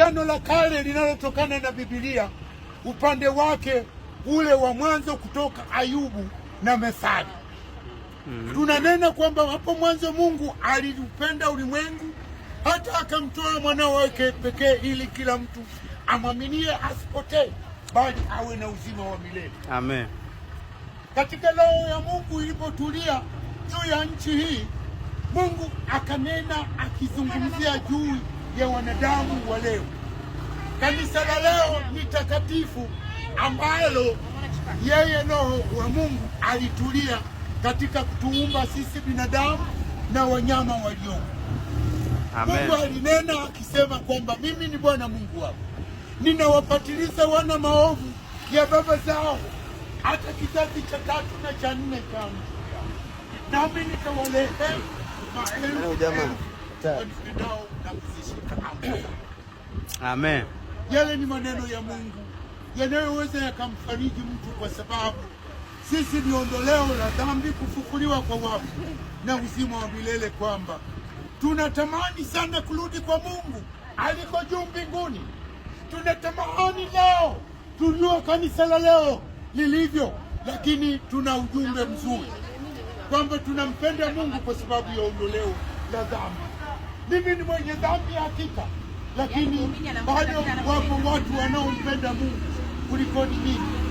Agano la Kale linalotokana na Biblia upande wake ule wa mwanzo kutoka Ayubu na Methali mm. tunanena kwamba hapo mwanzo Mungu aliupenda ulimwengu hata akamtoa mwana wake pekee ili kila mtu amwaminie asipotee bali awe na uzima wa milele. Amen. Katika roho ya Mungu ilipotulia juu ya nchi hii, Mungu akanena akizungumzia juu ya wanadamu wa leo. Kanisa la leo ni takatifu ambalo yeye Roho wa Mungu alitulia katika kutuumba sisi binadamu na wanyama waliomo. Mungu alinena akisema kwamba mimi ni Bwana Mungu wako, ninawapatiliza wana maovu ya baba zao hata kizazi cha tatu na cha nne cha nami nitawaletea maelfu vidao na kuzishika amri. Amen. Yale ni maneno ya Mungu yanayoweza yakamfariji mtu, kwa sababu sisi ni ondoleo la dhambi, kufufuliwa kwa wafu na uzima wa milele, kwamba tunatamani sana kurudi kwa Mungu aliko juu mbinguni. Tunatamani leo tujua kanisa la leo lilivyo, lakini tuna ujumbe mzuri kwamba tunampenda Mungu kwa sababu ya ondoleo la dhambi mimi ni mwenye dhambi hakika, lakini yaani bado wapo watu wanaompenda Mungu ni mimi.